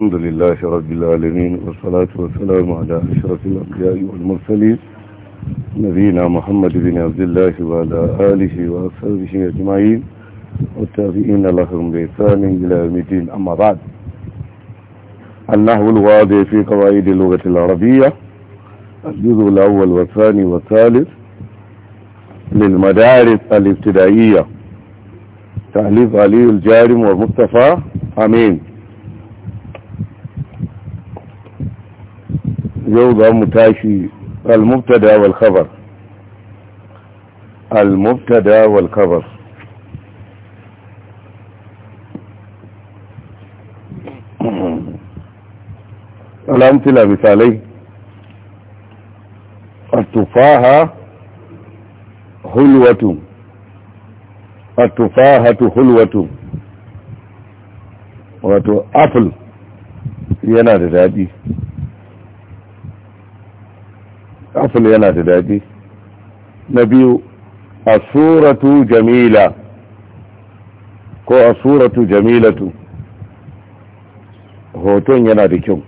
الحمد لله رب العالمين والصلاة والسلام على أشرف الأنبياء والمرسلين نبينا محمد بن عبد الله وعلى آله وصحبه أجمعين والتابعين لهم بإحسان إلى يوم الدين أما بعد النحو الواضح في قواعد اللغة العربية الجزء الأول والثاني والثالث للمدارس الابتدائية تأليف علي الجارم ومصطفى أمين يوضع متاشي المبتدا والخبر المبتدا والخبر الأمثلة مثالي التفاهة حلوة التفاهة حلوة وتو أفل ينادي ذا aful yana da daɗi na biyu suratu jamila ko suratu jamilatu hoton yana da kyau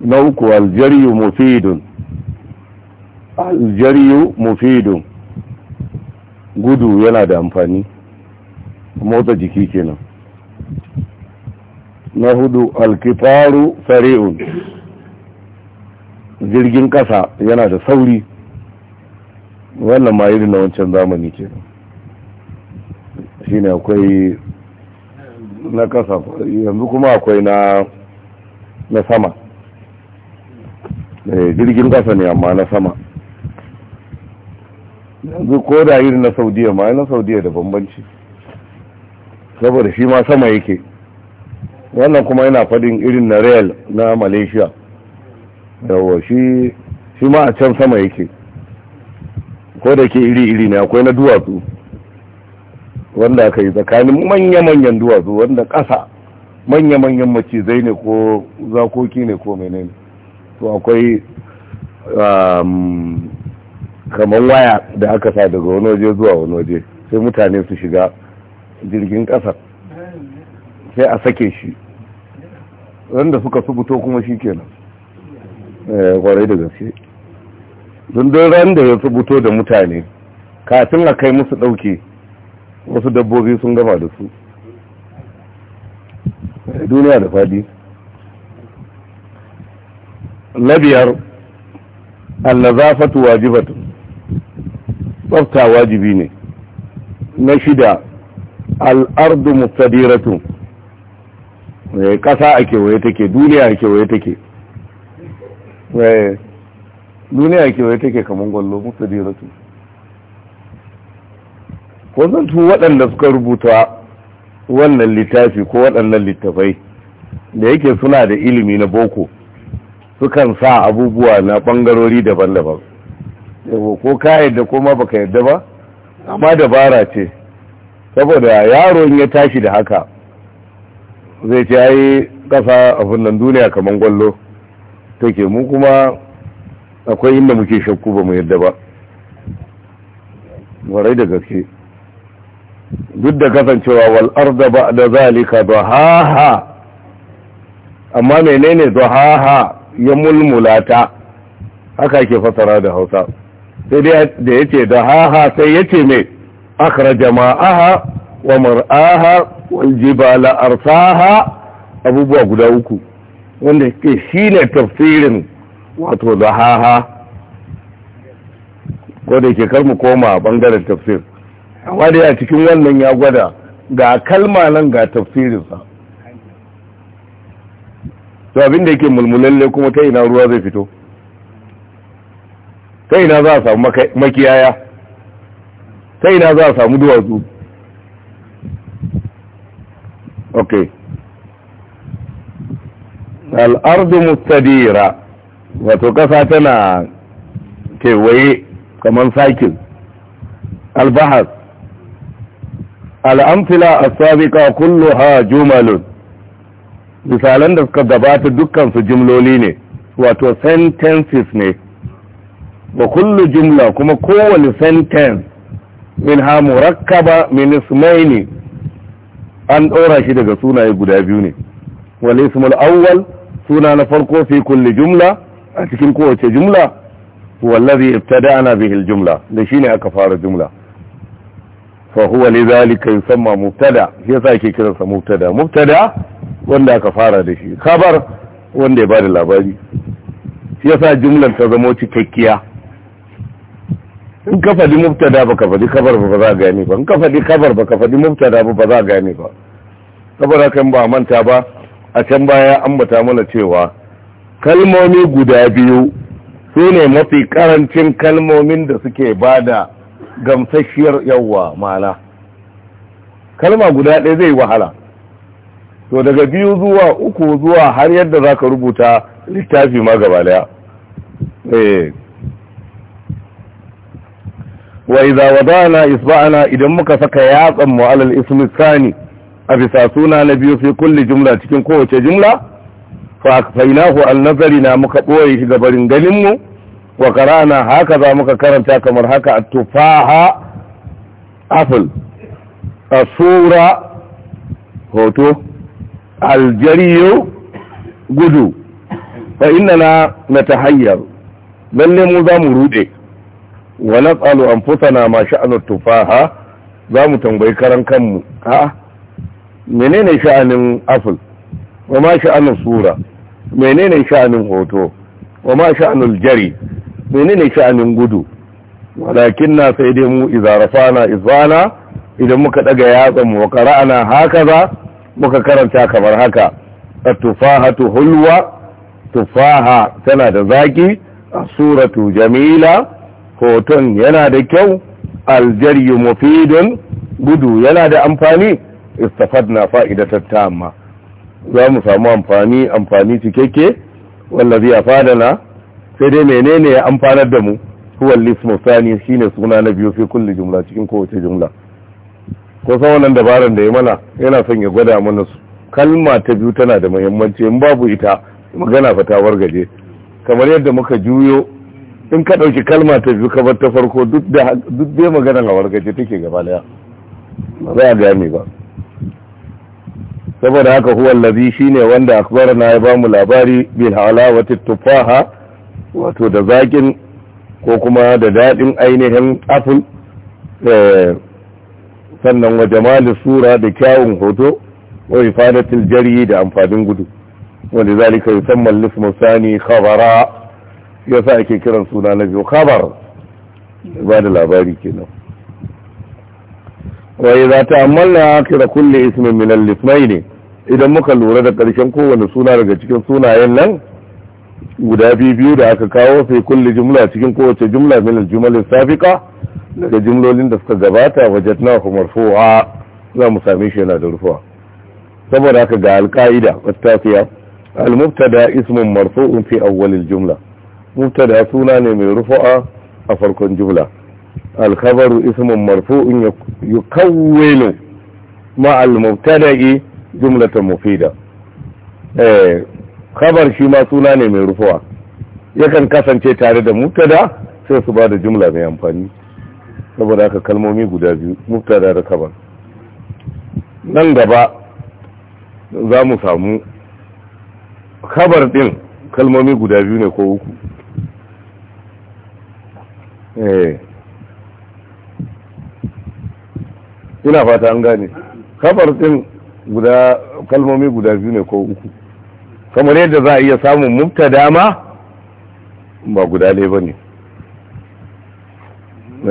na uku aljariyu mufidun aljariyu mufidun gudu yana da amfani motsa jiki kenan na hudu alkifaru fari'un jirgin kasa yana da sauri wannan ma irin na wancan zamani ke shine akwai na kasa yanzu kuma akwai na na sama eh, jirgin kasa ne amma na sama yanzu ko da irin na saudiya ma na saudiya da bambanci saboda shi ma sama yake wannan kuma yana fadin irin na real na malaysia yawa shi shi ma a can sama yake ko da ke iri-iri ne akwai na duwatsu wanda aka yi tsakanin manya-manyan duwatsu wanda ƙasa manya-manyan macizai ne ko zakoki ne ko menene to akwai um, kamar waya da aka sa daga wani waje zuwa wani waje sai mutane su shiga jirgin ƙasa sai a sake shi wanda suka subuto kuma shi kenan Eh, kwarai da gaske don ran da ya tsubuto da mutane kafin a kai musu dauke wasu dabbobi sun gama da su eh, duniya da fadi na biyar allazafatu wajibatu tsafta wajibi ne na shida al'ardu mustadiratu eh, ƙasa a kewaye take duniya a kewaye take Eh. duniya kewaye take kamar gwallo musu diratu wasantu waɗanda suka rubuta wannan littafi ko waɗannan littafai da yake suna da ilimi na boko sukan sa abubuwa na ɓangarori daban-daban ko ka yadda ko ma baka yadda ba amma dabara ce saboda yaron ya tashi da haka zai ce yi ƙasa a funan duniya kamar gwallo take mu kuma akwai inda muke shakku ba mu yadda ba warai da gaske duk da kasancewa wal arda ba da zalika ha amma menene ha ya mulmulata haka ke fasara da Hausa sai dai da yace ha sai yace me akra jama'aha, wa mar'aha wal jibala arsaha abubuwa guda uku wanda ke shi ne tafsirin wato zahaha ko da ke mu koma bangaren tafsir amma ya cikin wannan ya gwada ga kalma nan ga tafsirinsa to abin da yake mulmulalle kuma ta ina ruwa zai fito ta ina za a samu makiyaya ta ina za a samu duwatsu ok al'ardu mustadira wato kasa tana kewaye kamar sakin albahar al'amfila a sabiƙa kullu ha jumalun misalan da suka gabata dukkansu jimloli ne wato sentences ne wa kullu jumla kuma kowane sentence min ha murakkaba min ismaini an ɗora shi daga sunaye guda biyu ne wal ismul suna na farko fi kulli jumla a cikin kowace jumla wallazi ibtada'na ana bihil jumla da shine aka fara jumla fa huwa lidhalika yusamma mubtada shi yasa ake kiransa mubtada mubtada wanda aka fara da shi khabar wanda ya bada labari shi yasa jumlan ta zama cikakkiya in ka faɗi mubtada ba ka faɗi kabar ba za a gane ba in ka faɗi kabar ba ka faɗi mubtada ba ba za a gane ba saboda kan ba manta ba a can baya ambata mana cewa kalmomi guda biyu su ne mafi karancin kalmomin da suke ba da gamsasshiyar yawa mala kalma guda ɗaya zai wahala to daga biyu zuwa uku zuwa har yadda za ka rubuta littafi ma gaba daya eh. wa iza wadana isba'ana idan muka saka yatsan mu alal ismi sani a bisa suna na biyu fi kulli jumla cikin kowace jumla fa fainahu an nazari na muka ɓoye shi gabarin ganinmu wa karana haka za muka karanta kamar haka a tufaha apple a sura hoto aljariyo gudu fa inna na na hanyar. lalle mu za mu rude wa natsalu an fusana ma sha'anar tufaha za mu tambayi karan kanmu menene sha'anin apple wa ma sha'anin sura menene sha'anin hoto wa ma sha'anul jari menene sha'anin gudu walakin na sai dai mu izarafana izana idan muka daga yatsan mu qara'ana ba, muka karanta kamar haka at-tufahatu hulwa tufaha tana da zaki suratu jamila hoton yana da kyau aljari mufidun gudu yana da amfani istafadna fa'idatar tamma za mu samu amfani amfani cikakke wallazi na sai dai menene ya amfanar da mu huwal lismu sani shine suna na biyu fi kulli jumla cikin kowace jumla ko wannan dabaran da ya mana yana son ya gwada mana su kalma ta biyu tana da muhimmanci in babu ita magana fa ta gaje kamar yadda muka juyo in ka ɗauki kalma ta biyu ka bar ta farko duk dai maganar a wargaje take gaba daya ba za a gane ba saboda haka huwa lazi shine wanda na ya bamu labari bil halawati tufaha wato da zakin ko kuma da dadin ainihin apple eh, sannan wa jamali sura da kyawun hoto wa ifadatil jari da amfanin gudu wanda zalika yusamma al-ismu khabara yasa ake kiran suna na biyu khabar ba da labari kenan wa idza ta'ammalna da kulli ismin min al-ismayn idan muka lura da karshen kowane suna daga cikin sunayen nan guda biyu da aka kawo sai kulli jumla cikin kowace jumla min al-jumal sabiqa daga jumlolin da suka gabata wajadnahu marfu'a za mu same shi yana da rufuwa saboda haka ga alƙa'ida, qaida wattaqiya al-mubtada ismun marfu'un fi awwal jumla mubtada suna ne mai rufu'a a farkon jumla alkhabaru ismun marfu'un yukawwilu ma al-mubtada'i jumlatan mufida eh khabar shi ma suna ne mai rufuwa yakan kasance tare da mubtada sai su bada jumla mai amfani saboda haka kalmomi guda biyu mubtada da khabar nan gaba za mu samu kabar ɗin kalmomi guda biyu ne ko uku ina fata an gane kafar din guda kalmomi guda biyu ne ko uku kamar yadda za a iya samun mubtada dama ba guda ne ba ne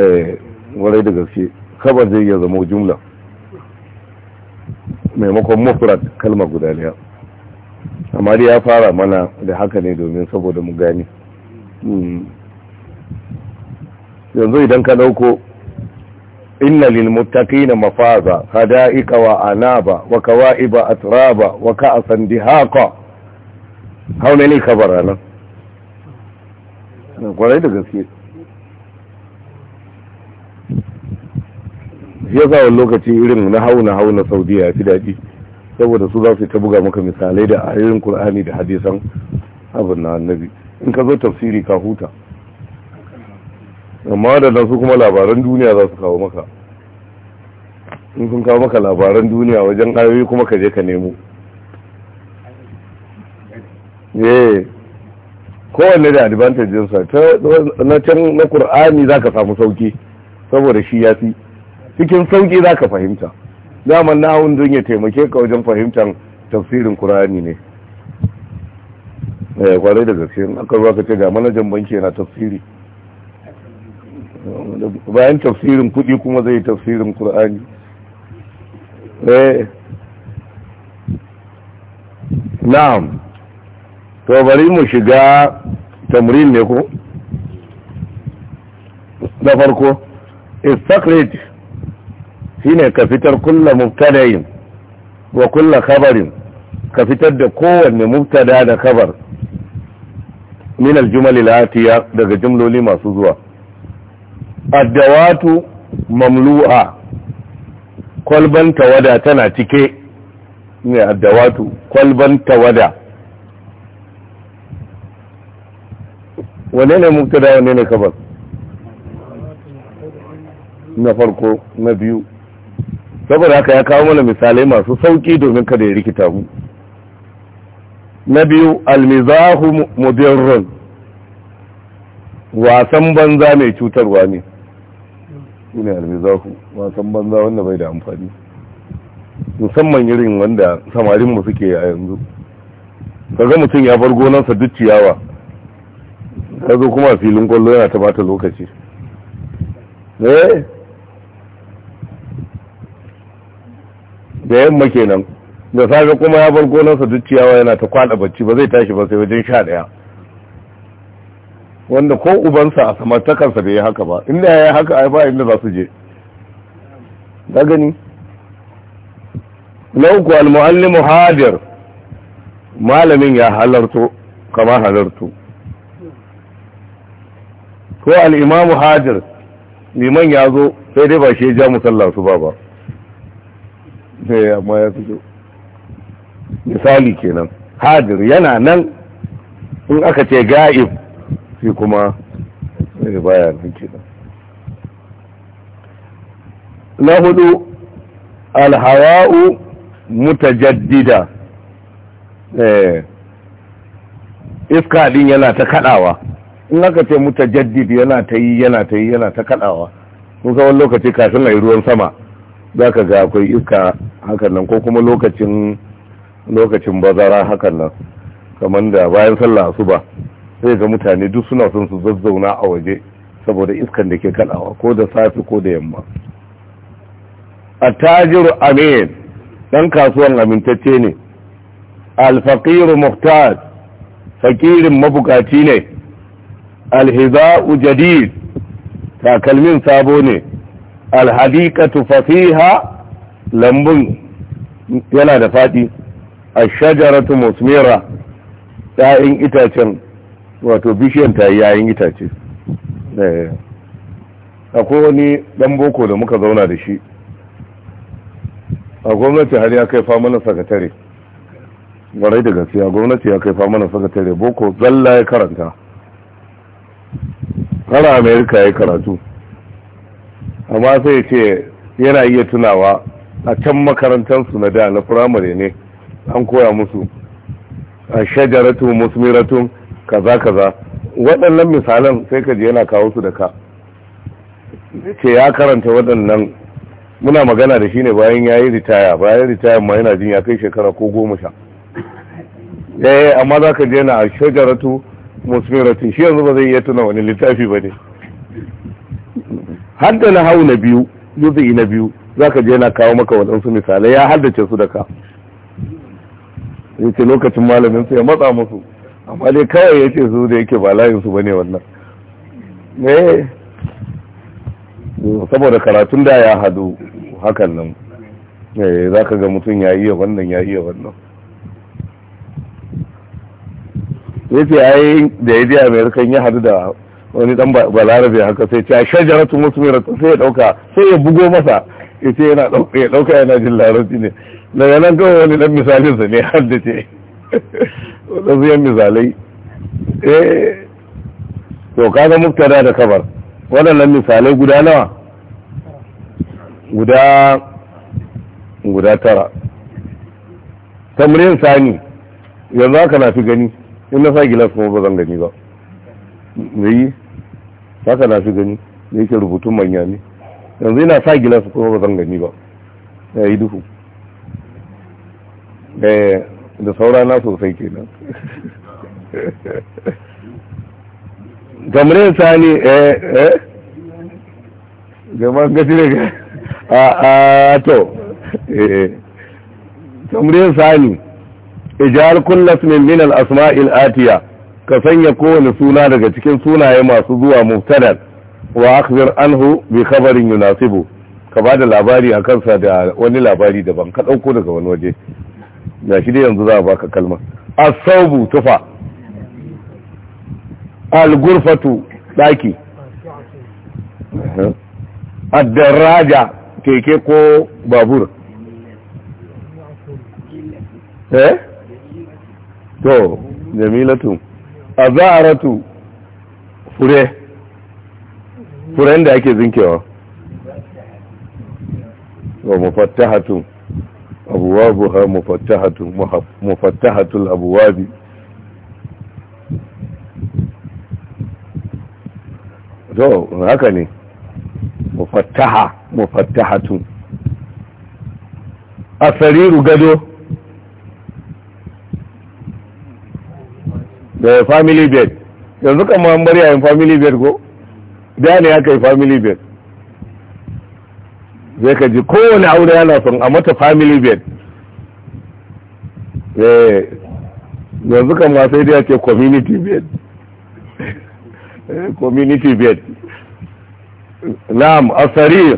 eh, warai da gaske kafar zai iya zama jumla maimakon mufrad kalma guda ne amma dai ya fara mana da haka ne domin saboda mu gani hmm. yanzu idan ka dauko inna lil muttaqina mafaza hada'iqa wa anaba wa kawa'iba atraba wa ka'san dihaqa how many kabara nan kwarai da gaske shi wani lokaci irin na hau na hau na saudiya ya fi daɗi saboda su za su ta buga maka misalai da ayoyin kur'ani da hadisan abin na annabi in ka zo tafsiri ka huta amma da nan su kuma labaran duniya za su kawo maka in sun kawo maka labaran duniya wajen ayoyi kuma ka je ka nemo eh kowanne da advantages sa na can na qur'ani zaka samu sauki saboda shi ya fi cikin sauki zaka fahimta na nahun don ya taimake ka wajen fahimtar tafsirin qur'ani ne eh kwarai da gaske in aka zo ka ce ga manajan banki yana tafsiri bayan tafsirin kuɗi kuma zai tafsirin Kur'ani. Eh. na'am to bari mu shiga tamrin ne ko na farko istakrit ne ka fitar kulla muftadayin wa kulla kabarin ka fitar da kowanne muftada da kabar min aljumal alatiya daga jumloli masu zuwa addawatu mamlu'a kwalban tawada tana cike ne addawatu kwalban tawada wane ne muktada wane ne kabar na farko na biyu saboda haka ya kawo mana misalai masu sauki domin kada ya rikita mu na biyu almizahu mudirrun wasan banza mai cutarwa ne shi ne almizahu wasan banza wanda bai da amfani musamman irin wanda samarinmu suke a yanzu ga mutum ya bar gonarsa duk ciyawa ka zo kuma filin kwallo yana ta bata lokaci eh da yamma kenan da safe kuma ya bar gonarsa duk ciyawa yana ta kwada bacci ba zai tashi ba sai wajen sha daya wanda ko ubansa a samartakarsa bai yi haka ba inda ya yi haka ai ba inda za su je da gani lauku al muallimu hadir malamin ya halarto kama halarto ko al-imamu hadir liman ya zo sai dai ba shi ja musallar su ba ba sai amma ya fito misali kenan hadir yana nan in aka ce ga'ib shi kuma ne baya nan kenan na hudu alhawa'u mutajaddida eh iska din yana ta kadawa in aka ce mutajaddid yana ta yi yana ta yi yana ta kadawa kun wani lokaci kafin a yi ruwan sama zaka ga akwai iska hakan nan ko kuma lokacin lokacin bazara hakan nan kamar da bayan sallah asuba sai ga mutane duk suna son su zazzauna a waje saboda iskan da ke kadawa ko da safi ko da yamma A attajiru amin ɗan kasuwan amintacce ne alfaqiru muhtaj fakirin mabukaci ne alhiza'u jadid takalmin sabo ne alhadiqatu fasiha lambun yana da fadi ashajaratu musmira ta'in itacen wato bishiyan ta yi yayin itace eh. akwai wani dan boko da muka zauna da shi a gwamnati har ya kai fama na sakatare warai da gaskiya gwamnati ya kai fama na sakatare boko zalla ya karanta har amerika ya karatu amma sai ce yana iya tunawa a can makarantarsu na da na firamare ne an koya musu a shajaratu musmiratun kaza kaza waɗannan misalan sai ka je yana kawo su da ka ce ya karanta waɗannan muna magana da shi ne bayan ya yi ritaya bayan ritaya ma yana jin ya kai shekara ko goma sha eh amma za ka je na a shajaratu musmiratin shi yanzu ba zai iya tuna wani littafi ba ne hadda na hau na biyu juzi na biyu za ka je na kawo maka waɗansu misalai ya haddace su da ka yace lokacin malamin su ya matsa musu amma dai kawai ya ce su da yake ba layinsu ba ne wannan ne saboda karatun da ya hadu hakan nan ne eh, za ka ga mutum ya iya wannan ya iya wannan ya ce ya yi da ya je amerikan ya hadu da wani dan balarabe haka sai ce a shajaratu rata sai ya dauka sai ya bugo masa ya ce yana dauka yana jin larabci ne daga nan kawai wani dan misalinsa ne har da ce yan misalai eh to kaga muftada da kabar waɗannan misalai guda nawa guda guda tara tamrin sani yanzu haka na fi gani in na sa gilas kuma ba zan gani ba yi, haka na fi gani da yake rubutun manya ne yanzu ina sa gilas kuma ba zan gani ba ya yi duhu eh, da saurana sosai kenan gamrin sani eh eh gaman gaji ne a a to eh gamrin sani ijal kullas min min al asma'il atiya ka sanya kowane suna daga cikin sunaye masu zuwa Muftadar, wa akhbir anhu bi khabarin yunasibu ka bada labari a kansa da wani labari daban ka dauko daga wani waje ya shi dai yanzu za a baka kalmar asaubu tufa algurfatu daki addaraja keke ko babur eh to jamilatu azaratu fure furen da ake zinkewa wa mufattahatu أبوابها مفتحة مفتحة الأبواب to haka ne mufattaha a sariru gado da family bed yanzu kamar an bari a yin family bed ko da ne aka yi family bed zai ka ji kowane aure yana son a mata family bed eh, yanzu kan ma sai dai ce community bed eh, community bed na'am asarir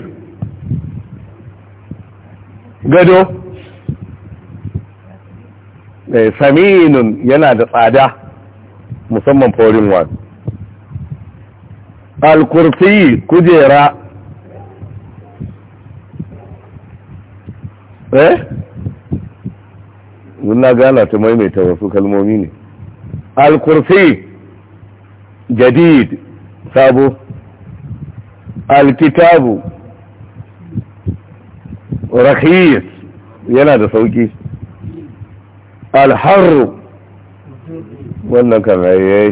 gado eh, saminin yana da tsada musamman foreign one alkurfi kujera eh na gana ta maimaita wasu kalmomi ne al-kursi jadid sabo al-kitabu rahis yana da sauki al-harru wannan kan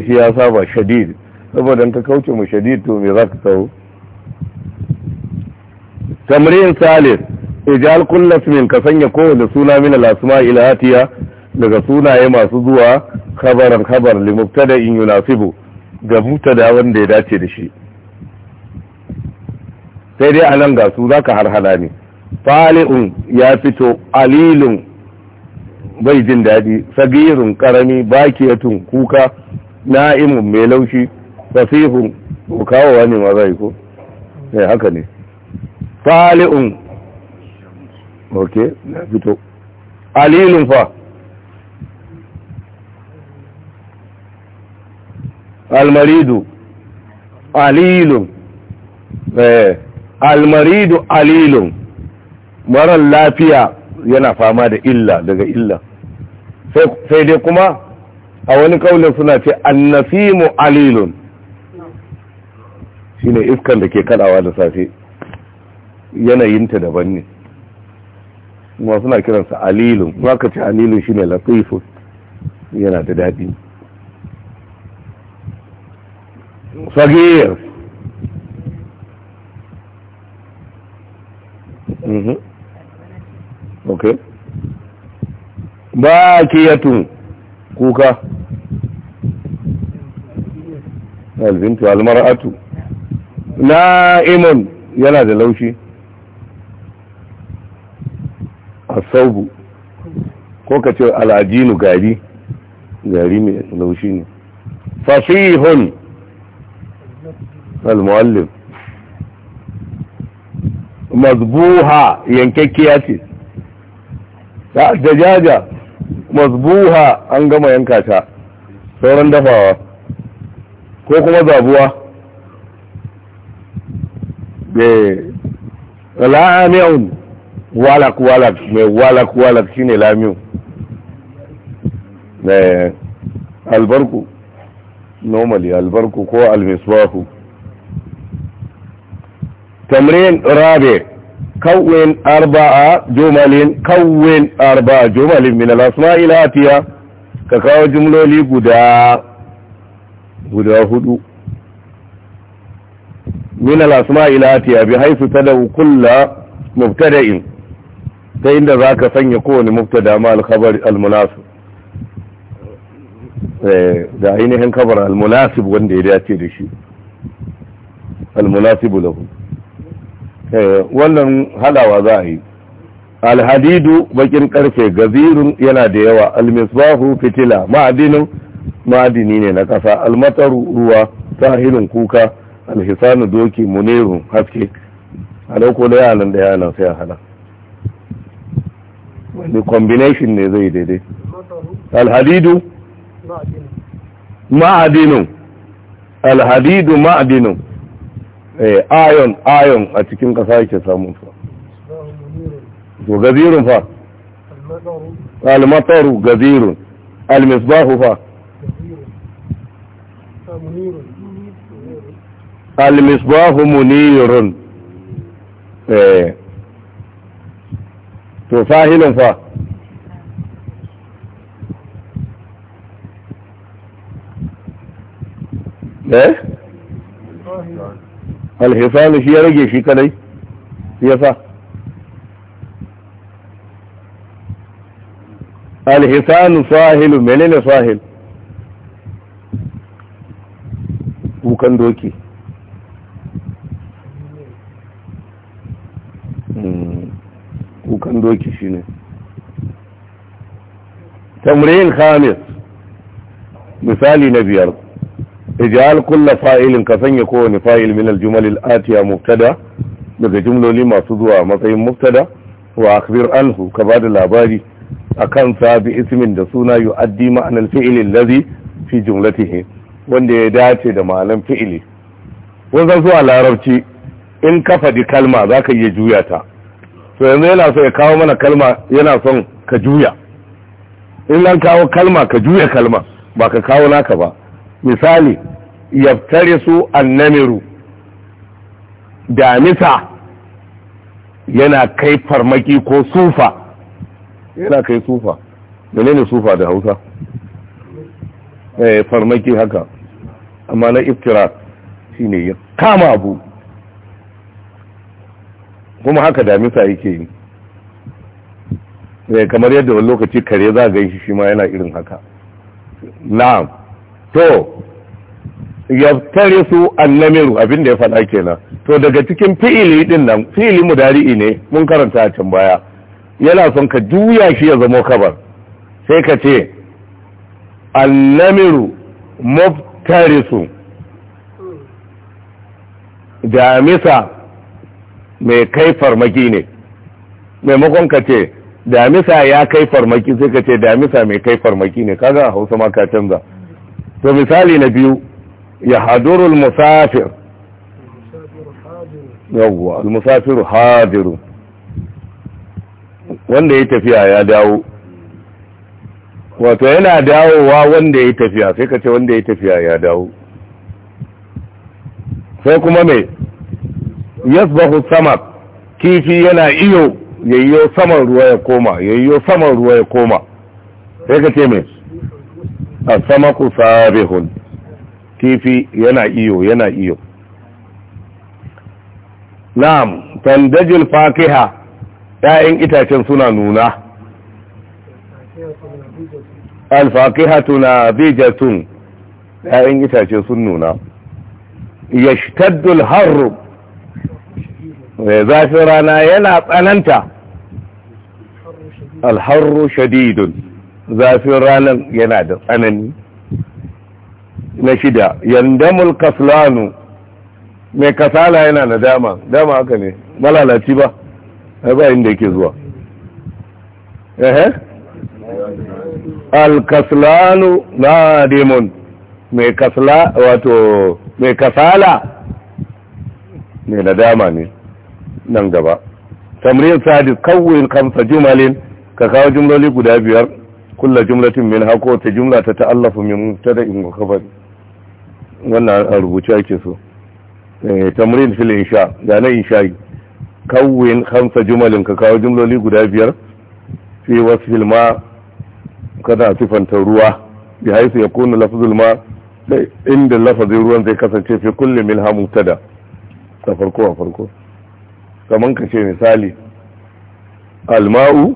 shi ya saba shadid saboda ta kauce mu shadid to me za ka tsawo tamrin salis ijal kullas min ka sanya kowane suna min al-asma ila daga sunaye masu zuwa khabaran khabar li in yunasibu ga mubtada wanda ya dace da shi sai dai anan ga su zaka harhala ne fali'un ya fito alilun bai jin daɗi sagirun karami bakiyatun kuka na'imun mai laushi fasihun kawowa ne ma zai ko sai eh, haka ne fali'un ok na fito alilun fa almaridu alilun eh almaridu alilun marar lafiya yana fama da illa daga illa sai dai kuma a wani kaulin suna ce annasimu alilun ne iskan da ke kadawa da safe yanayinta daban ne kuma suna kiransa alilun kuma ka ce alilun shine latifun yana da daɗi sagir mhm. ok ba kiyatun kuka albintu almar'atu na'imun yana da laushi asaubu ko ka ce al'ajinu gari gari mai laushi ne fasihun al-muallim mazbuha yankakkiya ce dajaja mazbuha an gama yanka ta sauran dafawa ko kuma zabuwa da eh. la'ami'un walak walak mai walak walak shine lamiu mai albarku normally albarku ko almisbahu tamrin rabe kawin arba'a jumalin kawin arba'a jumalin min al-asma'i latiya ka kawo jumloli guda guda hudu min al-asma'i latiya bi haythu tadaw kullu mubtada'in ta inda za ka sanya kowane da ma alkhabar almunasib eh, da ainihin kabar almunasib wanda ya dace da shi almunasibu lahu eh, wannan halawa za a yi alhadidu bakin karfe gazirun yana da yawa almisbahu fitila ma'adinin ma'adini ne na kasa almataru ruwa sahirin kuka alhisanu doki munerun haske a dauko da yanan da yanan sai a hana ne combination ne zai daidai alhadidu ma'adinun alhadidu ma'adinu. ayon eh, ayon a cikin kasa yake samun fa to gazirun fa almataru gazirun almisbahu fa almisbahu munirun eh to fahilin fa eh alhifalu shi ya rage shi kadai ya fa alhisanu sahilu menene sahil kukan doki tamrin khamis misali na biyar ijal kulla fa'ilin ka sanya kowane fa'il min al-jumal al-atiya daga jumloli masu zuwa matsayin muftada wa akhbir ka ba da labari akan sa bi ismin da suna yu'addi ma'anar fi'il allazi fi jumlatihi wanda ya dace da ma'anar fi'ili wannan zuwa larabci in ka faɗi kalma zaka iya juya ta to yanzu yana so ya kawo mana kalma yana son ka juya in an kawo kalma ka juya kalma ba ka kawo naka ba misali yaftare su annamiru damisa yana kai farmaki ko sufa yana kai sufa menene sufa da hausa eh farmaki haka amma na iftira shine ya kama abu kuma haka damisa yake yi Eh, kamar yadda wani lokaci kare za ga shi ma yana irin haka Na. to yaftarisu annamiru da ya faɗa kenan to daga cikin fi'ili din nan fi'ili dari'i ne mun karanta a can baya yana son ka juya shi ya zama kabar sai ka ce annamiru muftarisu jamisa mai kai farmaki ne maimakon ka ce damisa ya kai farmaki sai ka ce damisa mai kai farmaki ne kaga hausa ma ka canza to misali na biyu ya hadurul musafir yawwa al-musafiru hadiru wanda ya tafiya ya dawo wato yana dawowa wanda ya tafiya sai ka ce wanda ya tafiya ya dawo sai kuma mai yasbahu samak kifi yana iyo yayyo saman ruwa ya koma yayyo saman ruwa ya koma sai ka ce mai a sama ku sabihun kifi yana iyo yana iyo na'am tandajil fakiha ‘ya'yan itacen suna nuna alfakiha tuna bijatun ‘ya'yan itace sun nuna yashtaddul harru zafin rana yana tsananta alharru shadidun zafin ranar yana da tsanani na shida yandamul kaslanu mai kasala yana na dama dama haka ne malalaci ba ba da yake zuwa ehe alkaslanu na demon mai kasala wato mai kasala mai nadama ne nan gaba tamrin sadis kawai kamsa jumalin ka kawo jumloli guda biyar kulla jumlatin min hako ta jumla ta ta'allafu min mubtada in wa khabar wannan a rubuce ake so eh, tamrin fil insha da na insha'i kawwin khamsa jumalin ka kawo jumloli guda biyar fi wasfil ma kada sifanta ruwa bi haisu yakunu lafzul ma inda lafazin ruwan zai kasance fi kulli min ha mubtada ta farko a farko kaman ka ce misali alma'u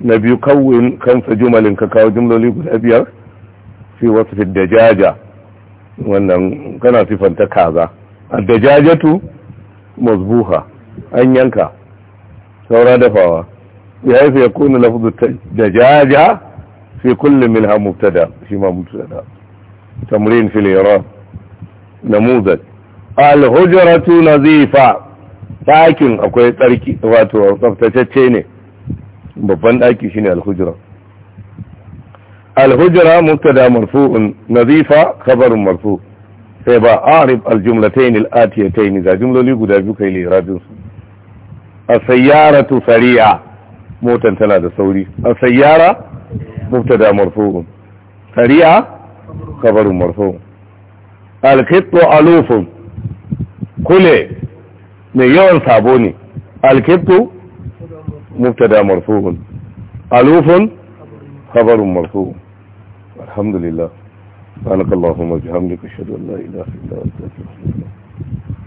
na biyu kawin kansa jumalin ka kawo jumloli guda biyar fi wasu fi dajaja wannan kana sifanta kaza a dajajatu mazbuha an yanka saura dafawa ya yi fiye kunu lafuzu dajaja fi kullum min ha da shi ma da tamrin fil iran namuzat al hujratu nazifa ɗakin akwai tsarki wato tsaftacecce ne babban ɗaki shine alhujra alhujra mubtada marfu'un nazifa khabarun marfu sai ba arif aljumlatayn alatiyatayn ga jumloli guda biyu kai lirabin su as-sayyaratu sari'a motan tana da sauri as-sayyara mubtada marfu'un sari'a khabarun marfu' al alufun kule mai yawan sabo ne alkiftu mubtada marfu'un alufun khabarun marfu' alhamdulillah سبحانك اللهم وبحمدك اشهد ان لا اله الا انت استغفرك